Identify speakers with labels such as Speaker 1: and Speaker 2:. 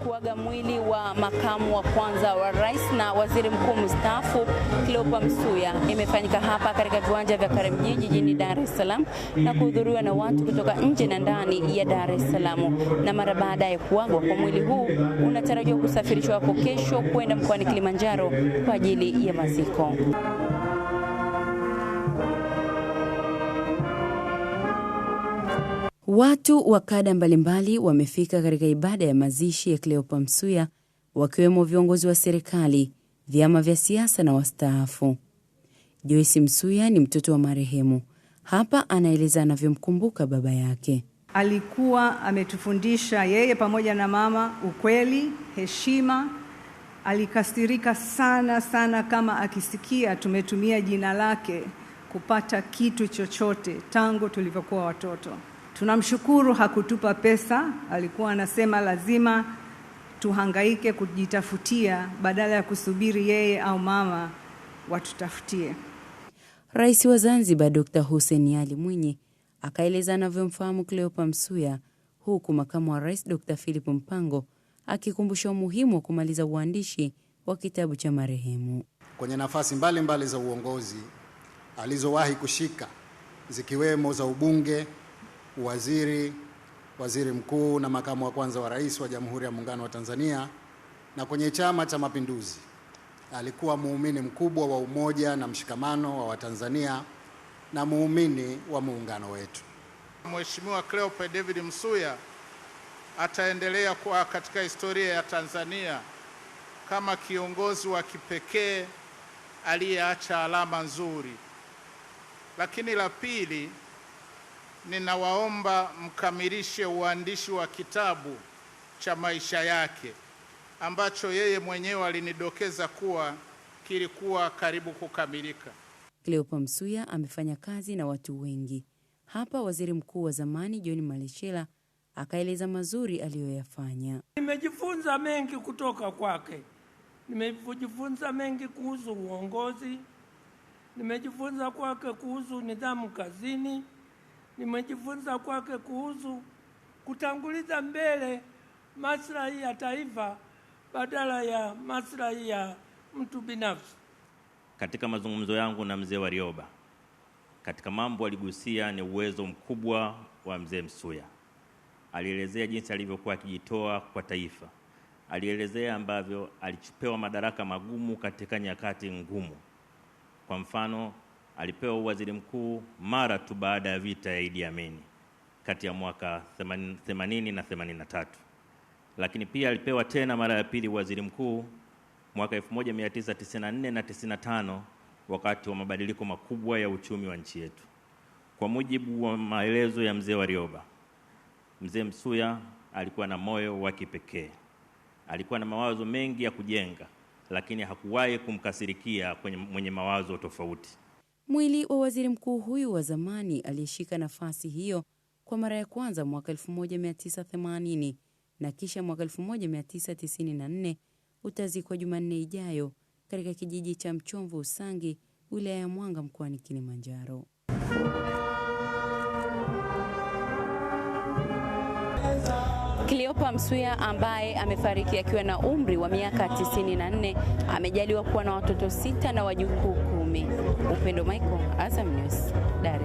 Speaker 1: ya kuaga mwili wa makamu wa kwanza wa rais na waziri mkuu mstaafu Cleopa Msuya imefanyika hapa katika viwanja vya Karimjee jijini Dar es Salaam na kuhudhuriwa na watu kutoka nje na ndani ya Dar es Salaam. Na mara baada ya kuagwa kwa mwili huu, unatarajiwa kusafirishwa hapo kesho kwenda mkoani Kilimanjaro kwa ajili ya maziko.
Speaker 2: Watu wa kada mbalimbali wamefika katika ibada ya mazishi ya Cleopa Msuya, wakiwemo viongozi wa serikali, vyama vya siasa na wastaafu. Joyce Msuya ni mtoto wa marehemu. Hapa anaeleza anavyomkumbuka baba yake.
Speaker 3: Alikuwa ametufundisha yeye pamoja na mama ukweli, heshima. Alikasirika sana sana kama akisikia tumetumia jina lake kupata kitu chochote tangu tulivyokuwa watoto. Tunamshukuru hakutupa pesa, alikuwa anasema lazima tuhangaike kujitafutia badala ya kusubiri yeye au mama watutafutie.
Speaker 2: Rais wa Zanzibar Dr. Hussein Ali Mwinyi akaeleza anavyomfahamu Cleopa Msuya, huku makamu wa rais Dr. Philip Mpango akikumbusha umuhimu wa kumaliza uandishi wa kitabu cha marehemu.
Speaker 4: Kwenye nafasi mbalimbali mbali za uongozi alizowahi kushika zikiwemo za ubunge waziri waziri mkuu na makamu wa kwanza wa rais wa Jamhuri ya Muungano wa Tanzania, na kwenye Chama cha Mapinduzi alikuwa muumini mkubwa wa umoja na mshikamano wa Watanzania na muumini wa muungano wetu.
Speaker 5: Mheshimiwa Cleopa David Msuya ataendelea kuwa katika historia ya Tanzania kama kiongozi wa kipekee aliyeacha alama nzuri. Lakini la pili ninawaomba mkamilishe uandishi wa kitabu cha maisha yake ambacho yeye mwenyewe alinidokeza kuwa kilikuwa karibu kukamilika.
Speaker 2: Cleopa Msuya amefanya kazi na watu wengi. Hapa Waziri Mkuu wa zamani John maleshela akaeleza mazuri aliyoyafanya.
Speaker 6: Nimejifunza mengi kutoka kwake. Nimejifunza mengi kuhusu uongozi. Nimejifunza kwake kuhusu nidhamu kazini nimejifunza kwake kuhusu kutanguliza mbele maslahi ya taifa badala ya maslahi ya mtu binafsi.
Speaker 7: Katika mazungumzo yangu na mzee Warioba, katika mambo aligusia ni uwezo mkubwa wa mzee Msuya. Alielezea jinsi alivyokuwa akijitoa kwa taifa, alielezea ambavyo alipewa madaraka magumu katika nyakati ngumu. Kwa mfano alipewa uwaziri mkuu mara tu baada ya vita ya Idi Amin kati ya mwaka 80 na 83, lakini pia alipewa tena mara ya pili waziri mkuu mwaka 1994 na 95 wakati wa mabadiliko makubwa ya uchumi wa nchi yetu. Kwa mujibu wa maelezo ya mzee Warioba, mzee Msuya alikuwa na moyo wa kipekee, alikuwa na mawazo mengi ya kujenga, lakini hakuwahi kumkasirikia kwenye mwenye mawazo tofauti.
Speaker 2: Mwili wa waziri mkuu huyu wa zamani aliyeshika nafasi hiyo kwa mara ya kwanza mwaka 1980 na kisha mwaka 1994 utazikwa Jumanne ijayo katika kijiji cha Mchomvu Usangi, wilaya ya Mwanga mkoani Kilimanjaro.
Speaker 1: Cleopa Msuya ambaye amefariki akiwa na umri wa miaka 94 amejaliwa kuwa na watoto sita na wajukuu mimi Upendo Michael, Azam News, Dar.